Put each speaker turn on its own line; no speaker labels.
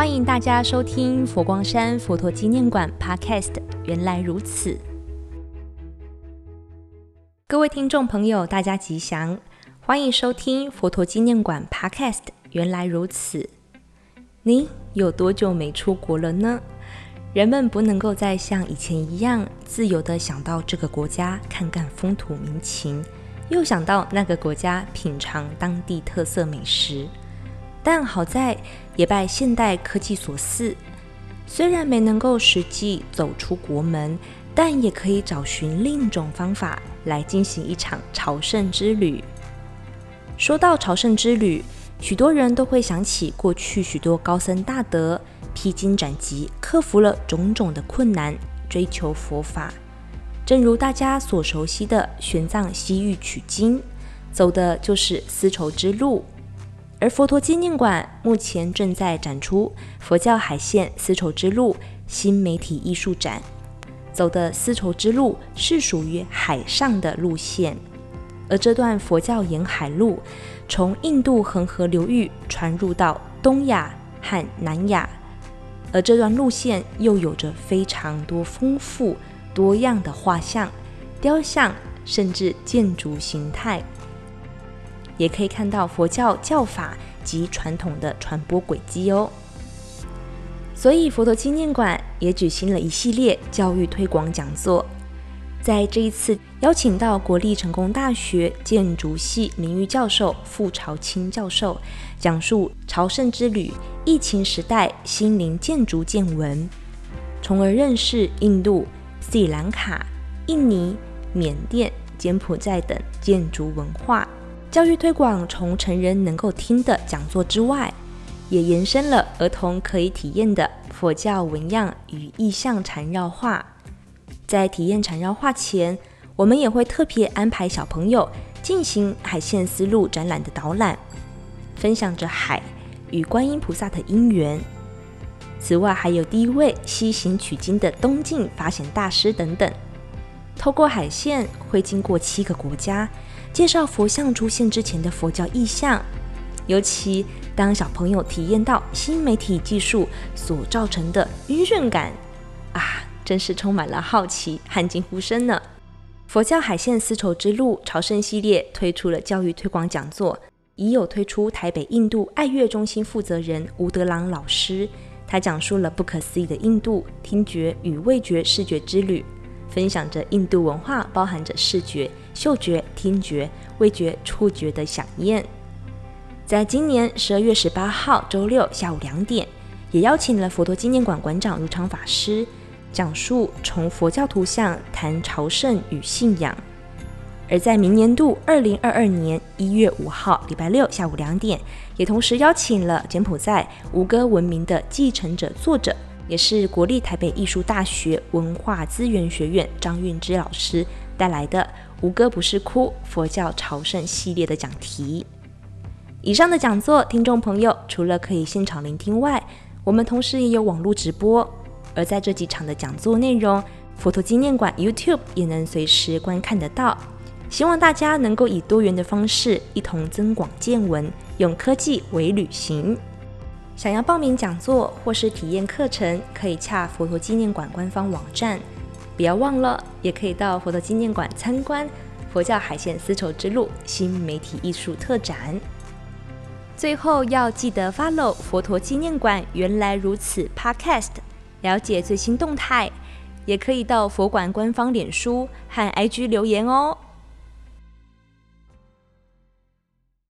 歡迎大家收聽佛光山佛陀紀念館 Podcast《原來如此》。各位聽眾朋友，大家吉祥，歡迎收聽佛陀紀念館 Podcast《原來如此》你。你有多久沒出國了呢？人們不能夠再像以前一樣自由地想到這個國家看看風土民情，又想到那個國家品嚐當地特色美食。但好在也拜現代科技所賜，雖然沒能夠實際走出國門，但也可以找尋另一種方法來進行一場朝聖之旅。說到朝聖之旅，許多人都會想起過去許多高僧大德披荊斬棘，克服了種種的困難，追求佛法。正如大家所熟悉的玄奘西域取經，走的就是絲綢之路。而佛陀紀念館目前正在展出佛教海線絲綢之路新媒體藝術展。走的絲綢之路是屬於海上的路線，而這段佛教沿海路，從印度恆河流域傳入到東亞和南亞，而這段路線又有着非常多豐富多樣的畫像、雕像，甚至建築形態。也可以看到佛教教法及傳統的傳播軌跡哦。所以佛陀紀念館也舉行了一系列教育推廣講座，在這一次邀請到國立成功大學建築系名譽教授傅朝清教授，講述朝聖之旅、疫情時代心靈建築見聞，從而認識印度、斯里蘭卡、印尼、緬甸、柬埔寨等建築文化。教育推廣從成人能夠聽的講座之外，也延伸了兒童可以體驗的佛教紋樣與意象禪繞畫。在體驗禪繞畫前，我們也會特別安排小朋友進行海線絲路展覽的導覽，分享着海與觀音菩薩的因緣。此外，還有第一位西行取經的東晉法顯大師等等。透過海線會經過七個國家，介紹佛像出現之前的佛教意象。尤其當小朋友體驗到新媒體技術所造成的暈眩感，啊，真是充滿了好奇和驚呼聲呢！佛教海線絲綢之路朝聖系列推出了教育推廣講座，已有推出台北印度愛樂中心負責人吳德朗老師，他講述了不可思議的印度聽覺與味覺視覺之旅。分享着印度文化包含着視覺、嗅覺、聽覺、味覺、觸覺的饗宴。在今年十二月十八號週六下午兩點，也邀請了佛陀紀念館館館長如常法師，講述從佛教圖像談朝聖與信仰。而在明年度二零二二年一月五號禮拜六下午兩點，也同時邀請了柬埔寨吳哥文明的繼承者作者，也是國立臺北藝術大學文化資源學院張韻芝老師帶來的《吳哥不是哭：佛教朝聖系列》的講題。以上的講座，聽眾朋友除了可以現場聆聽外，我們同時也有網絡直播。而在這幾場的講座內容，佛陀紀念館 YouTube 也能隨時觀看得到。希望大家能夠以多元的方式一同增廣見聞，用科技微旅行。想要報名講座或是體驗課程，可以洽佛陀紀念館官方網站。不要忘了，也可以到佛陀紀念館參觀《佛教海線絲綢之路新媒體藝術特展》。最後要記得 follow 佛陀紀念館原來如此 Podcast，了解最新動態。也可以到佛館官方臉書和 IG 留言哦。